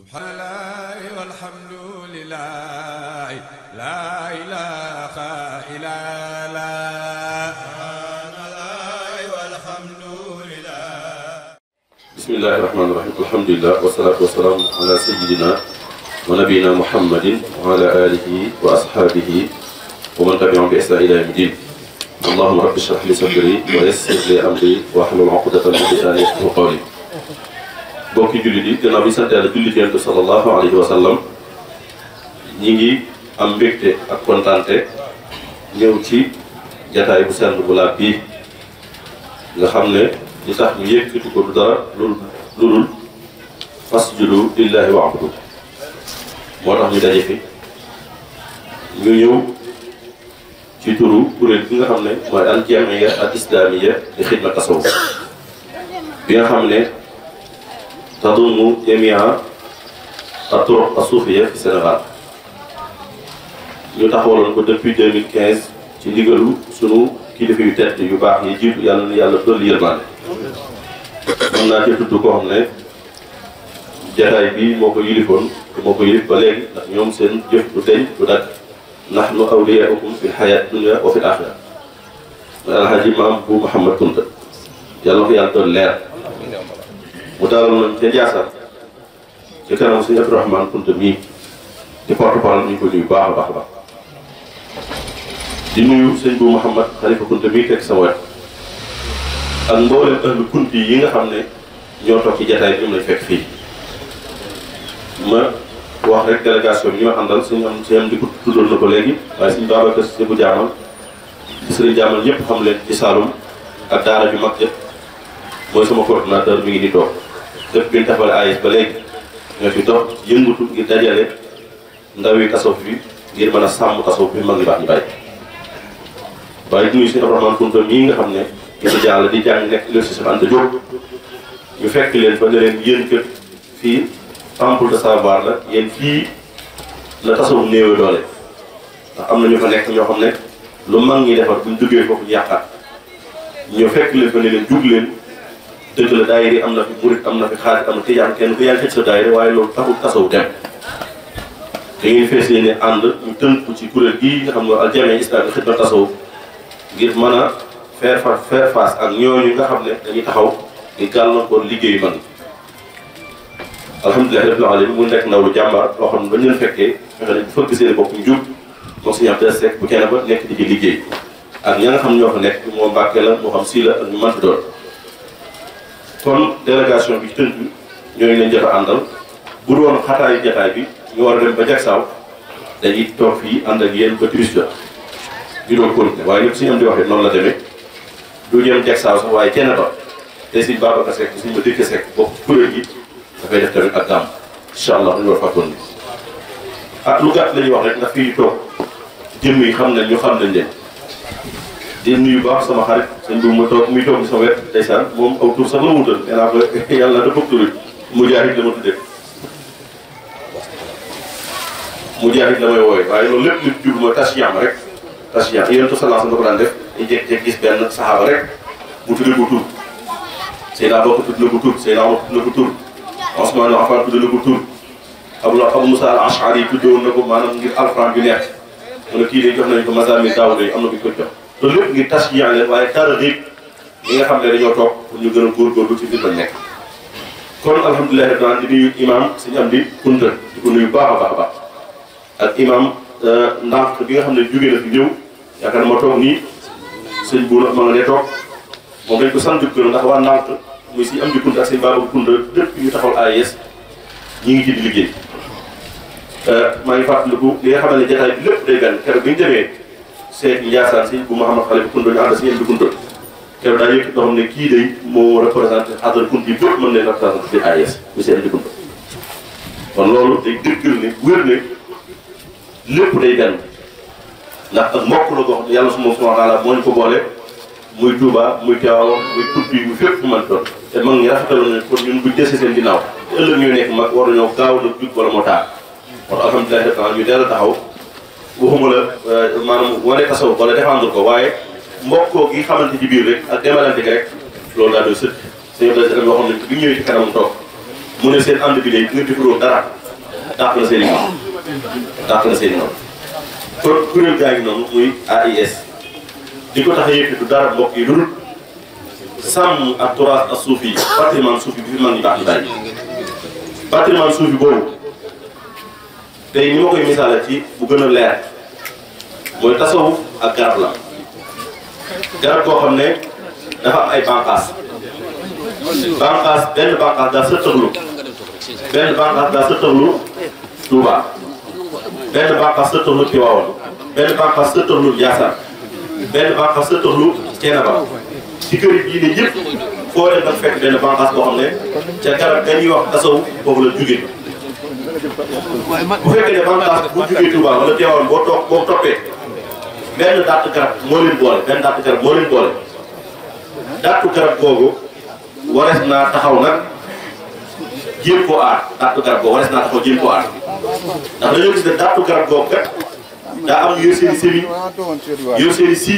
سبحان الله والحمد لله لا إله إلا الله الله والحمد لله بسم الله الرحمن الرحيم الحمد لله والصلاة والسلام على سيدنا ونبينا محمد وعلى آله وأصحابه ومن تبعهم بإحسان إلى يوم الدين اللهم رب اشرح لي صدري ويسر لي أمري واحلل عقدة من لساني يفقهوا قولي bokki jullit yi gannaaw bi sant yàlla jullit yonent sallallahu alayhi wa sallam ñi ngi am mbégte ak kontaante ñëw ci jataay bu sell bu laab nga xam ne li tax ñu lu dul fasjudu lillahi wa'budu moo tax ñu daje fi ci turu kuréel bi nga xam ne mooy al jamiya al islamiya di xidma tasawuf bi nga xam ne تضم جميع الطرق الصوفية في Sénégal ñu taxawaloon ko depuis 2015 ci ndigalu sunu kilifa yu tedd yu baax yi jiitu yàlla na yàlla dolli yërmande mën naa ci tudd koo xam ne jataay bi moo ko yilifoon te moo ko yilif ba léegi ndax ñoom seen jëf du deñ du dagg nahnu awliyaukum fil hayat dunya wa fil axira alhaji maam bu Mouhamad Kounta yàlla ko yàlla doon leer mu daal moom ca Ndiassa ci kanam sëñ Abdourahmane Kounta mii di di nuyu sëñ bu Mouhamad Khalifa Kounta mii teg sama wet ak mboolem ahlu Kounta yi nga xam ne ñoo toog ci jataay bi mu lay fekk fii ma wax rek délégation bi ñu ma àndal suñu di ko tuddoon na ko léegi waaye sama coordonnateur mi ngi def ngir tafal ayis ba léegi ñoo fi toog yëngatu ngir dajale ndawi tasawuf bi ngir mën a sàmm tasawuf bi mag ñi baax ñu bàyyi waaye ñuy si Abdourahmane Kounta mii nga xam ne gisa jàll di jàng nekk université Anta Diop ñu fekk leen ba ne leen yéen kër fii temple de savoir la yéen fii la tasawuf néewee doole ndax am na ñu fa nekk ñoo xam ne lu mag ñi defar buñ duggee foofu ñu yàqaat ñu fekk leen fa ne leen jug leen dëgg la daayira am na fi burit am na fi xaarit am na tijaan kenn ku yaa ngi xëj sa daayira waaye loolu taxul tasaw dem da ngay fees leen ne ànd ñu ci kuréel gii nga xam ne aljamee islamique xidma tasaw ngir mën a faire face faire face ak ñooñu xam ne dañuy taxaw di gàllankoor liggéeyu man alhamdulilah rabbil alamin mu nekk ndaw jàmbaar loo xam ne ba ñu leen fekkee fexe nañ bu fëgg seen bopp ñu jub moom si rek bu kenn ba nekk di ci liggéey ak ña nga xam ñoo fa nekk moo mbàkke la moo xam sii la ak ñu mënti doon kon délégation bi tënk ñooñu lañ jot a àndal bu doon xataayu jataay bi ñu war a dem ba jagsaaw dañuy toog fii ànd ak yéen ba timis jot ñu doon continuer waaye ñëpp suñu am di waxee noonu la demee du jëm jagsaaw sax waaye kenn ba te si Babacar Seck suñ ma dëkk Seck bokk kuréel gi dafay def tamit ak gàmm incha allah ñu war fàttoon bi ah lu gàtt la ñuy wax rek ndax fii toog jëmm yi xam nañ ñu xam nañ leen di nuyu baax sama xarit sëñ bi ma toog muy toog sama wet ndeysaan moom aw tur sax la wutal nee ko yàlla na dafa turi mujaahid la ma tuddee la may wooye waaye loolu lépp nit jub ma rek tasiyam yonent sallallahu alayhi wasallam da ko def dañ jékki-jékki gis benn saxaaba rek mu tuddee ko tur Seydina Bakar tudd na ko tur Seydina Omar ko tur na ko tur Abdou Abou Moussa al na ko maanaam ngir alxuraan bi neex mu ne kii de jox nañ ko mazami daaw de am na ko ñu ko jox loolu lépp ngir tas yi leen waaye targib ñi nga xam ne dañoo toog pour ñu gën a góorgóorlu ci biir kon alhamdulilah rabbil alamin di nuyu imaam ko baax a baax a baax ak imaam euh, nga xam ne jógee na fi ma toog nii sëñ Bouna ma nga sant gërëm ndax waa ndànk muy suñu am di kunta ak sëñ Baba kunta depuis ñu taxawal AIS ñi ngi ci di euh, li nga xam ne jataay bi lépp day gan keroog bi ñu demee. Cheikh Ndiassane si bu Mouhamad Xalifa Koundoñ ànd xam ne kii day moo représenté xadar kunt yi bëpp mën ne wér ne lépp day benn ndax ko boole muy Touba muy Tiwaawan muy Pout bi te mag ñi rafetaloon ne kon ñun bu dese seen ginnaaw te ëllëg ñuy nekk mag war nañoo gaaw nag jug wala moo taar kon alhamdulilah ñu teel a taxaw waxuma la euh, maanaam wane tasawuf wala défendre ko waaye mbokkoo gi xamante ci biir rek ak demalante gi rek loolu daa doy sëkk sëñ bi ñëwee ci kanam toog mu ne seen ànd bi day nga difróo dara dàq na seen i noonu dàq na seen i noonu kon kuréel gaa ngi noonu muy AIS di ko tax a yëkkati dara mbokk yi lu sàmm ak turaas ak suuf yi patrimoine suuf yi bi mag ñi baax ñu bàyyi suuf yi boobu tey ni koy misaale ci bu gën a leer mooy tasawuf ak garab la garab koo xam ne dafa am ay bànqaas bànqaas benn bànqaas daa sëtëxlu benn bànqaas daa sëtëxlu Touba benn bànqaas sëtëxlu Tiwaawan benn bànqaas sëtëxlu Ndiassane benn ci kër yi diine yëpp foo dem nag fekk benn bànqaas boo xam ne ca garab ga wax tasawuf foofu la jóge bu fekkee ne bànqaas bu jógee Touba wala Tiwaawan boo toog boo toppee benn dàtt garab moo leen boole benn dàtt garab moo leen boole dàttu garab googu warees naa taxaw nag jéem koo aar dàttu garab googu warees naa taxaw jéem koo aar ndax dañoo gis ne dàttu garab googu kat daa am yor seen i semis si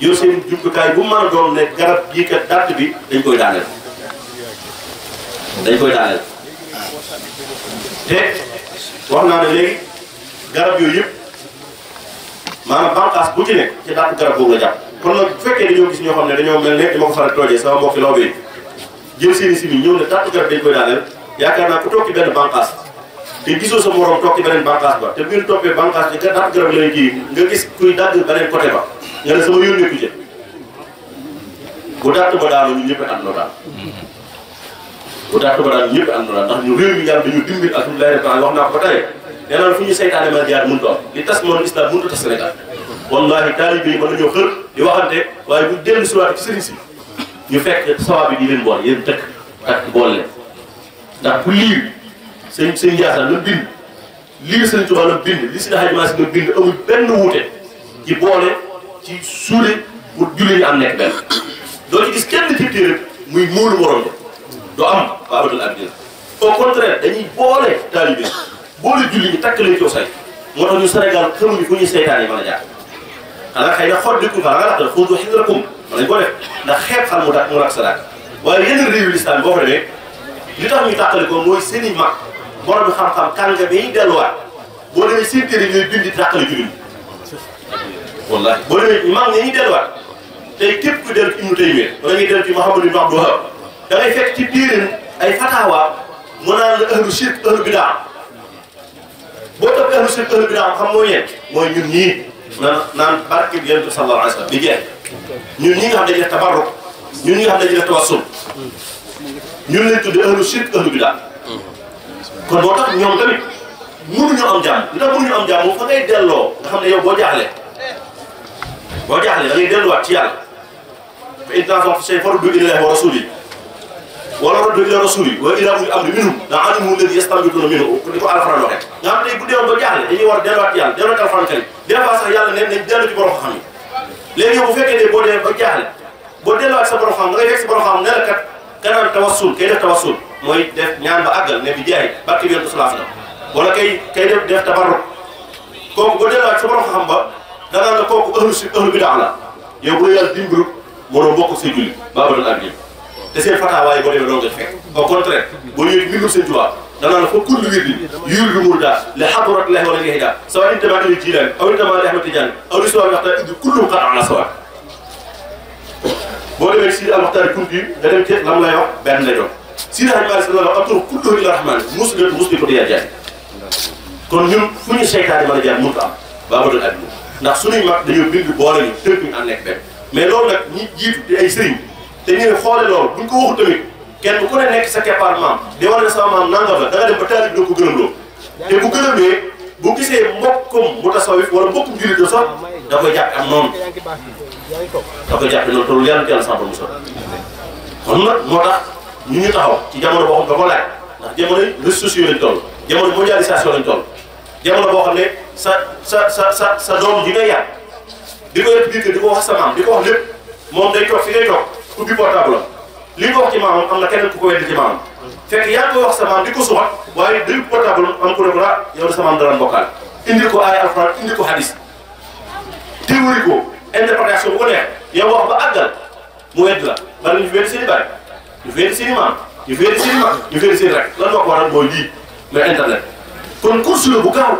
yor seen i jumtukaay bu garab gii kat dàtt bi dañ koy daaneel dañ te wax naa ne léegi garab yooyu yëpp. maanaam bànqaas bu ci nekk ci daatu garab boobu la jàpp kon nag bu fekkee dañoo gis ñoo xam ne dañoo mel ne dama ko faral toojee sama mbokki law bi jël seeni simi ñëw ne daatu garab dañ koy daaneel yaakaar naa ku toog ci benn bànqaas ci beneen bànqaas ba te bu bi nga daatu garab ba nga ne sama yóon nekku ci bu daatu ba daanu ñun ñëpp àndoo daal bu daatu ba daanu ñëpp àndoo wax naa ko ba nee fu ñuy saytaane mën a jaar mënut am li tas moom islam mënut a tas Sénégal wallahi taalibe yi mën xër di waxante waaye bu dellu si waat ci ñu fekk sawaab yi di leen boole yéen tëkk takk boole ndax ku lii sëñ sëñ Ndiassane la bind lii sëñ Tuubaa la bind li si daxaj maa si nga bind amul benn wuute ci boole ci suude pour julli ñu am nekk benn doo ci gis kenn ci téere muy móolu morom do am babatul abdina au contraire dañuy boole taalibe boole julli ñi takk leen ci say moo tax ñu Sénégal fu ñuy seytaan yi a jaar xanaa xëy na xot diku faa nga laxta xuudu xidrakum mën nañ ko def ndax xeeb xal mu tax mu rak ko mooy seen i mag borom xam-xam kànga bay delluwaat boo demee seen téere ñooy bindi tàqale julli wallaahi boo demee mag ñi ñuy delluwaat tey képp ku dellu ci Ibnu Taymiya wala ngay dellu ci Muhammad ibn Abdul Wahhab da ngay fekk ci biirin ay fatawaa mu naan la ahlu shirk ahlu bidaa boo toppee ahlu shirk ahlu bidaa xam mooy ñeen mooy ñun ñii naan naan barke bi yonent bi sallallahu alayhi wa sallam di jeex ñun ñi nga xam dañuy def tabarruk ñun ñi nga xam dañuy def tawassul ñun lañ tuddee ahlu shirk ahlu bidaa kon moo tax ñoom tamit mënuñu am jàmm li tax mënuñu am jàmm fa ngay delloo nga xam ne yow boo jaaxlee boo jaaxlee da ngay delluwaat ci yàlla fa in ta'fu shay'an faruddu ilallaahi wa rasuulihi wala raddu ila rasuuli wa ila ulil amri minhum la'alimahu allaziina yastanbituunahu minhum di ko alxuraan waxee boo ba jaaxle dañuy war delluwaat yàlla delluwaat alxuraan karim des fois sax yàlla neen nañ dellu ci xam yi léegi yow bu fekkee ne boo dee ba jaaxle boo delluwaat sa borom xam nga ngay fekk sa borom xam ne la kat kanaan tawassul kay def tawassul mooy def ñaan ba àggal ne bi jaay bàkki bi yontu sulaaf la wala kay kay def def tabarruk kooku boo delluwaat sa borom xam ba danaan la kooku ahlu si ahlu bidaa la yow bu la yàlla dimbalu mënoo bokk say julli baabadoon ak te seen fataawaay boo demee doon boo ñëwee bindul seen دانا كل ويرد يورد مردا لحضرة الله ولا جهدا سواء انت بعد الجيلان او انت بعد احمد تجان او سواء مختار انت كل قطع على سواء بولي بك سيد المختار كنتي دانا تيت لم لا يوم بان لا يوم سيد الحاج مالك سيدنا الأطر كله إلى الرحمن مسلم مسلم قد يجان كون يوم فني شيطان ما جان مرتا بابل الأدب ndax suñuy mag dañoo bind boole ni tënk ñu am nekk benn mais loolu nag ñi jiitu di ay kenn ku ne nekk sa keppaar maam di war ne sama maam nangam la da nga dem ba ko gërëm loo te bu gërëmee bu gisee da koy jàpp am noonu da koy jàpp noonu te lu yàlla teel sax kon nag moo tax ñu ñu taxaw ci jamono boo xam dafa laaj ndax jamono réseaux sociaux lañ toll jamono mondialisation lañ toll jamono boo xam ne sa sa sa sa sa doom ji ngay yàq di ko yëpp biir di ko wax sa di ko wax lépp moom day toog fi ngay toog ubbi portable li nga wax ci maamam am na keneen ku ko weddi ci maamam fekk yaa ngi wax sa di ko sumat waaye day portable am ku ne ko ah yow de sa maam dara mbokkaal indi ko ay alxuraan indi ko hadis diwri ko interprétation bu ko neex yow wax ba àggal mu wedd la bari ñu fi weddi seen i bari ñu fi weddi seen i maam ñu fi weddi seen i maam ñu fi weddi seen i rek lan moo ko waral mooy lii mooy internet kon course la bu gaaw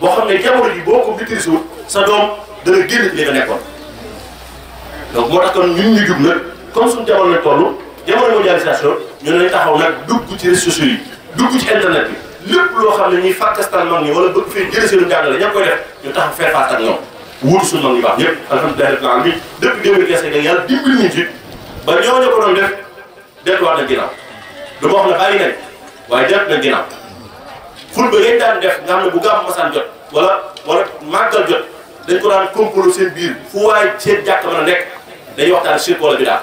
boo xam ne jamono ji boo ko maîtrise wul sa doom dana génn li moo tax kon ñu jub comme suñu jamono lañ jamono mondialisation ñu ne taxaw nag dugg ci réseaux sociaux yi dugg ci internet bi lépp loo xam ne ñuy fàkkastal mag ñi wala bëgg fee jëlee seen jàngale ña koy def ñu tax faire face ak ñoom wuutu suñu mag ñu baax ñëpp alhamdulilah plan bi depuis 2015 ak yàlla dimbali ñu ci ba ñooñu ko doon def delluwaat na ginnaaw du ma wax ne bàyyi nañ waaye dellu na ginnaaw ful ba ngeen daan def nga xam ne bu gàmm masaan jot wala wala màggal jot dañ ko daan complot seen biir fu waaye seen jàkk mën a nekk dañuy waxtaan cirque wala bi daal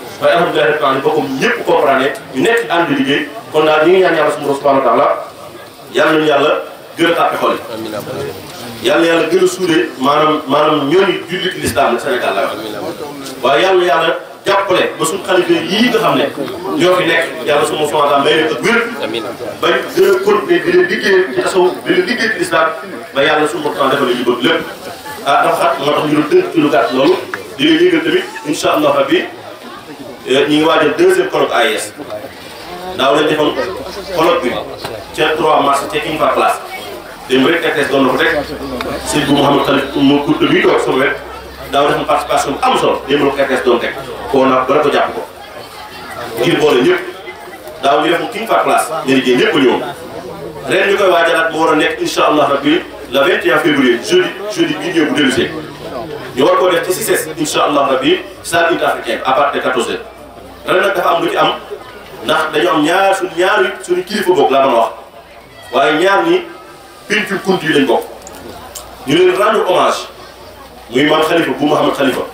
waaye alhamdulilah plan bi bokkum ñëpp comprendre ñu nekk ànd di liggéey kon daal ñu ngi ñaan yàlla suñu subhanahu wa taala yàlla nañu yàlla gën a tàppe xol yi yàlla yàlla gën a suude maanaam maanaam ñooñu jullit l'islam Sénégal la waaye yàlla yàlla jàppale ba suñu xalifa yii nga xam ne ñoo fi nekk yàlla suma fomata may leen ak wér bañ gën a continuer di leen liggéey ci tasaw di leen liggéey ba yàlla suñu boppam defal ñu bëgg lépp ah dafa xat moo tax ñu Euh, ñu ngi waajal deuxième a AIS daaw lañ defoon colloque bi ca 3 mars ca King Fahd Palace démb rek RTS doon na ko teg sëñ bu Mouhamadou Khalif mu kuréel bi toog sama wet daaw def participation am solo démb la ko RTS doon teg koo na ko jàpp ko ngir boole ñëpp daaw ñu King Fahd Palace ñeneen jii ñëpp a ñëwoon ren ñu koy waajalaat mu war a nekk incha allah rabbi le 21 février jeudi jeudi bii ñëw bu dellusee ñu war koo def ci CICES incha allah loolu nag dafa am lu ci am ndax dañoo am ñaar suñ ñaar yi suñu kilifa bokk waaye ñaar ñi pincul kunt yi lañ bokk ñu leen rendre hommage muy maam xalifa bu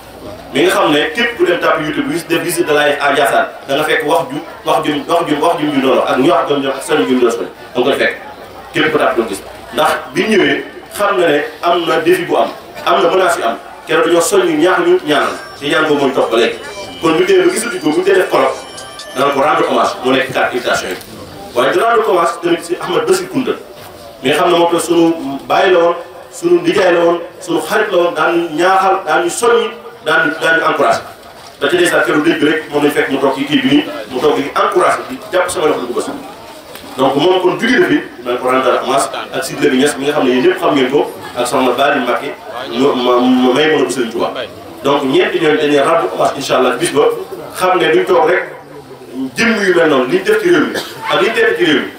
Mouhamed nga xam ne képp ku dem tàpp YouTube bi def visite la à Ndiassane fekk wax ju wax ju wax ñu wax doon doon ak solo ju mu doon solo da nga koy ndax bi ñëwee xam am na défi bu am am na menace am keroog dañoo soññu ñaax ñu ñaanal ci ñaan boobu mooy toog ba kon bu ñu demee ba gisatuñ ko bu ñu dee def kolof dana ko rendre hommage mu nekk carte invitation yi waaye di rendre hommage tamit si Ahmad Basir Kounda mi nga xam ne moom tam sunu bàyyi la woon sunu ndijaay la woon sunu xarit la woon daan ñaaxal daan ñu soññi daan daan ñu encouragé da ci desaan keroog dégg rek moom lañ fekk mu toog ci kii bi nii mu toog ci encouragé di jàpp sama loxo di ko bës donc moom kon jugee na fi dinañ ko rendre hommage ak Sidy Lamine Niass mi nga xam ne yéen ñëpp xam ngeen ko ak soxna Bali Mbacke ma ma may mën a bu Serigne Touba donc ñeenti ñooñu dañuy rendu incha allah bis ba xam ne duñ toog rek jëmm yu mel noonu liñ def ci réew mi ak liñ def ci réew mi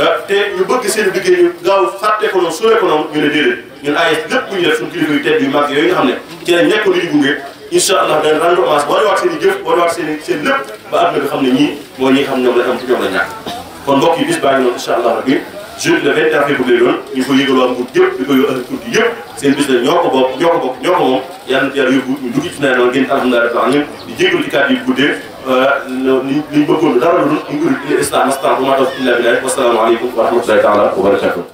ah, te ñu bëgg seen liggéey ñu gaaw fàtte ko noonu suulee ko noonu ñu ne déedéet ñun ay lépp ñu def suñu kilifa tedd yu mag yooyu nga xam ne ci lañ nekk li ñu gunge incha allah dañ rendre hommage boo waat seen i jëf boo waat seen i seen lépp ba àdduna bi xam ne ñii moo ñi xam ñoom la am ci ñoom la ñàkk kon mbokk yi bis baa ngi noonu jeudi le 21 février doon ñu ko yëgal waa Mbour yëpp di ko yóbbu ak Mbour yëpp seen bis la ñoo ko bokk ñoo ko bokk ñoo ko moom yàlla na yàlla yóbbu ñu dugg ci nawet noonu génn alhamdulilah rabbil alamin di jégalu ci kàddu yi guddee liñ euh, liñ bëggoon dara lu dul ñu indi islam astan bu ma toog illa billah wa salaamu aleykum wa rahmatullahi taala wa barakatuh